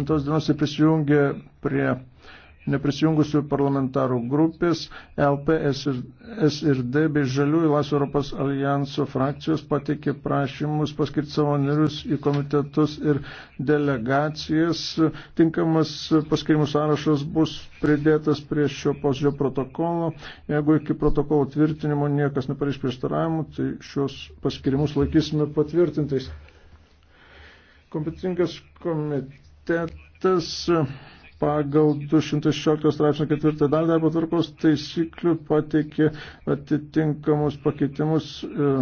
9 dienos prisijungė prie neprisijungusių parlamentarų grupės LP, SRD bei Žaliųjų Laisvės Europos alijanso frakcijos pateikė prašymus paskirti savo narius į komitetus ir delegacijas. Tinkamas paskirimų sąrašas bus pridėtas prie šio posėdžio protokolo. Jeigu iki protokolo tvirtinimo niekas nepareiš prieštaravimų, tai šios paskirimus laikysime patvirtintais. Kompetingas komitetas komitetas pagal 216 straipsnio ketvirtą dalį darbo tvarkos taisyklių pateikė atitinkamus pakeitimus e,